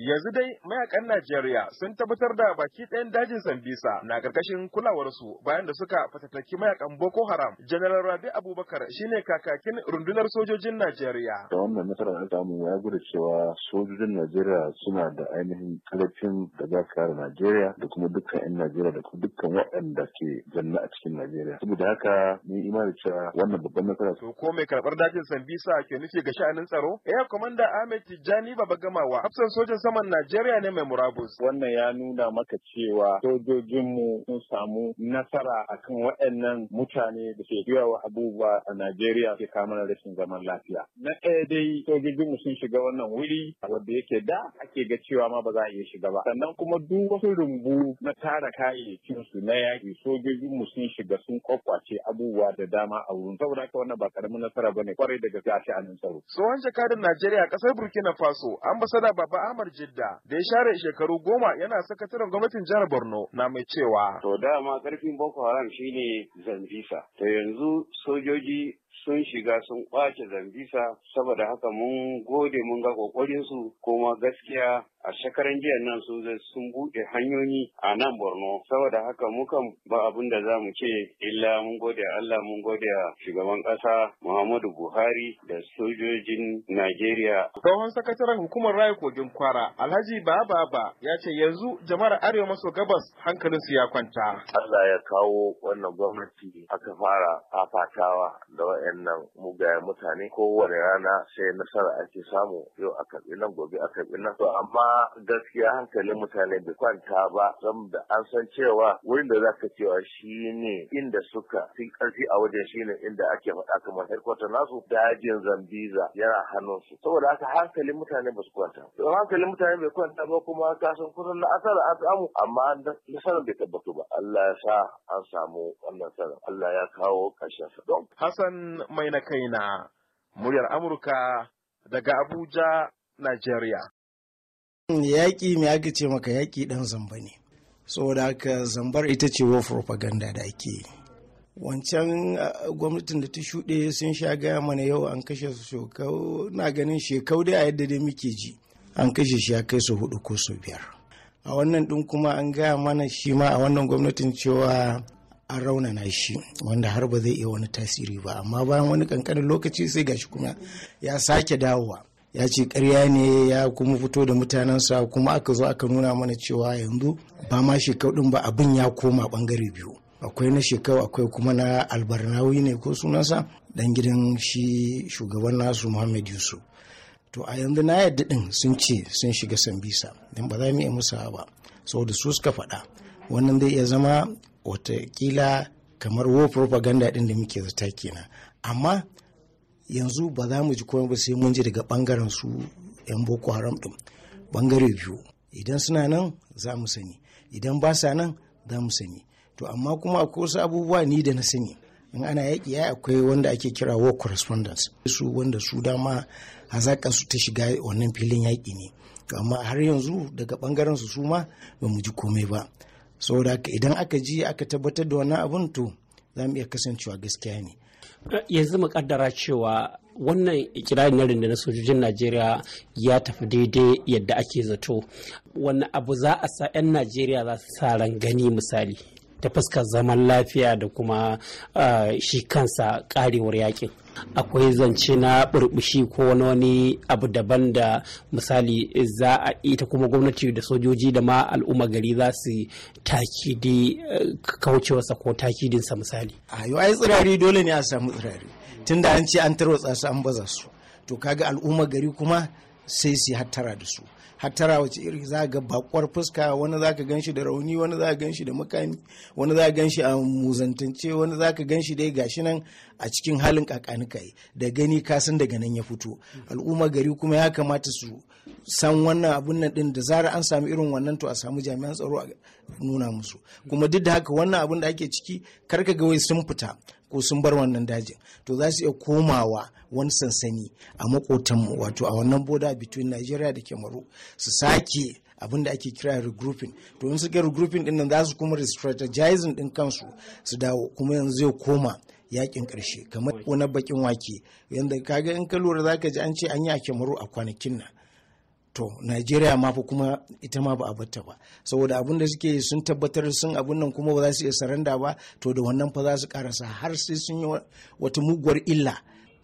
Yanzu dai mayakan Najeriya sun tabbatar da baki ɗayan dajin Sambisa na ƙarƙashin kulawarsu bayan da suka fatattaki mayakan Boko Haram. General Rabi Abubakar shine kakakin rundunar sojojin Najeriya. Da wannan nasarar da samu ya gudu cewa sojojin Najeriya suna da ainihin ƙarfin da za su kare Najeriya da kuma dukkan 'yan Najeriya da kuma dukkan waɗanda ke janna a cikin Najeriya. Saboda haka ni imani cewa wannan babban nasara. To ko mai karɓar dajin Sambisa ke nufi ga sha'anin tsaro? Air Commander Ahmed Tijjani Babagamawa, hafsan sojan saman Najeriya ne mai murabus. Wannan ya nuna maka cewa sojojinmu sun samu nasara a kan waɗannan mutane da ke wa abubuwa a Najeriya ke kamar rashin zaman lafiya. Na ɗaya dai sojojinmu sun shiga wannan wuri wanda yake da ake ga cewa ma ba za a iya shiga ba. Sannan kuma duk wasu rumbu na tara kayayyakinsu na yaƙi sojojinmu sun shiga sun kwakwace abubuwa da dama a wurin. Saboda haka wannan ba karamin nasara ba ne kwarai da gaske a sha'anin tsaro. Tsohon jakadar Najeriya a ƙasar Burkina Faso ambasada Baba Ahmad Jidda da ya share shekaru goma yana sakataren gwamnatin jihar Borno na mai cewa. To dama karfin Boko Haram shine Zambisa. To yanzu sojoji sun shiga sun kwace Zambisa saboda haka mun gode mun ga kokarin kuma gaskiya a shekaran jiya nan su sun buɗe hanyoyi a nan Borno saboda haka mukan ba abin da za mu ce illa mun gode Allah mun gode shugaban ƙasa Muhammadu Buhari da sojojin Najeriya. Tsohon sakataren hukumar raya kogin kwara Alhaji Baba ya ce yanzu jama'ar Arewa maso gabas hankalin su ya kwanta. Allah ya kawo wannan gwamnati aka fara fafatawa da wa'yan nan mugayen mutane kowane rana sai nasara ake samu yau a karbi nan gobe a karbi nan to amma gaskiya hankalin mutane bai kwanta ba don da an san cewa wurin da za cewa shi ne inda suka fi karfi a wajen shi ne inda ake faɗa kamar headquarter nasu dajin zambiza yana hannun su saboda haka hankalin mutane ba su kwanta to hankalin mutane bai kwanta ba kuma ka san kusan na asara an samu amma nasarar bai tabbatu ba Allah ya sa an samu wannan sanar Allah ya kawo ƙarshen sa don Hassan mai na kai na, muryar Amurka daga Abuja, Najeriya. Yaƙi mai aka ce maka yaƙi ɗan zamba ne, saboda haka zambar ita ce wa propaganda da ake yi. Wancan gwamnatin da ta shuɗe sun sha gaya mana yau an kashe su shekau, na ganin shekau dai a yadda dai muke ji, an kashe shi ya kai su hudu ko su biyar. A wannan ɗin kuma an gaya mana shi ma a wannan gwamnatin cewa an raunana shi wanda har ba zai iya wani tasiri ba amma bayan wani kankanin lokaci sai gashi kuma ya sake dawowa ya ce karya ne ya kuma fito da mutanensa kuma aka zo aka nuna mana cewa yanzu ba ma shekau ɗin ba abin ya koma ɓangare biyu akwai na shekau akwai kuma na albarnawi ne ko sunansa dan gidan shi shugaban nasu muhammad yusuf to a yanzu na yadda ɗin sun ce sun shiga sambisa don ba za mu iya musawa ba saboda su suka faɗa wannan zai iya zama watakila kamar war propaganda din da muke zata kenan amma yanzu ba za mu ji komai ba sai mun ji daga bangaren su yan boko haram din bangare biyu idan suna nan za mu sani idan ba sa nan za mu sani to amma kuma akwai wasu abubuwa ni da na sani in ana yaƙi ya akwai wanda ake kira war correspondence su wanda su dama hazaƙa su ta shiga wannan filin yaƙi ne amma har yanzu daga bangaren su su ma ba mu ji komai ba saboda idan aka ji aka tabbatar da wannan abun to za mu iya kasancewa gaskiya ne yanzu mu kaddara cewa wannan ikirarin na rundunar sojojin najeriya ya tafi daidai yadda ake zato wani abu za a sa 'yan najeriya za su sa ran gani misali ta fuskar zaman lafiya da kuma shi kansa karewar yakin akwai zance na burbushi ko wani abu daban da misali za a ita kuma gwamnati da sojoji da ma al'umma gari za su takidi eh, kaucewarsa ko takidinsa misali a yi ai tsirari dole ne a samu tsirari tunda an ce an tarwatsa su an baza su to kaga al'umma gari kuma sai su hattara da su hattara wace iri za ga bakwar fuska wani za ka ganshi da rauni wani za ka ganshi da makami wani za ka ganshi a muzantance wani za ka ganshi dai gashi nan a cikin halin kakanikai da gani kasan daga nan ya fito al'umma gari kuma ya kamata su san wannan abun nan din da zara an samu irin wannan to a samu jami'an tsaro a nuna musu kuma duk da haka wannan abun da ake ciki karka ga wai sun fita ko sun bar wannan dajin to za su iya komawa wani sansani a makotanmu wato a wannan boda between Nigeria da Kemaru su sake abin da ake kira regrouping to in suka regrouping din nan za su kuma restrategizing din kansu su dawo kuma yanzu zai koma yakin karshe kamar na bakin wake yanda kaga in ka lura zaka ji an ce an yi a Kemaru a kwanakin nan to najeriya ma fa kuma ita ma ba a batta ba saboda abin da suke sun tabbatar sun abin nan kuma ba za su iya saranda ba to da wannan fa za su karasa har sai sun yi wata muguwar illa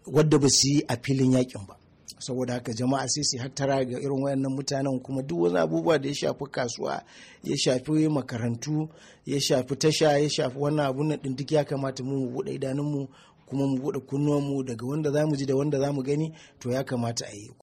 wadda ba su yi a filin yakin ba saboda haka jama'a sai su hattara ga irin wayannan mutanen kuma duk wani abubuwa da ya shafi kasuwa ya shafi makarantu ya shafi tasha ya shafi wannan abun nan duk ya kamata mu mu bude idanunmu kuma mu bude kunnuwanmu daga wanda zamu ji da wanda zamu gani to ya kamata a yi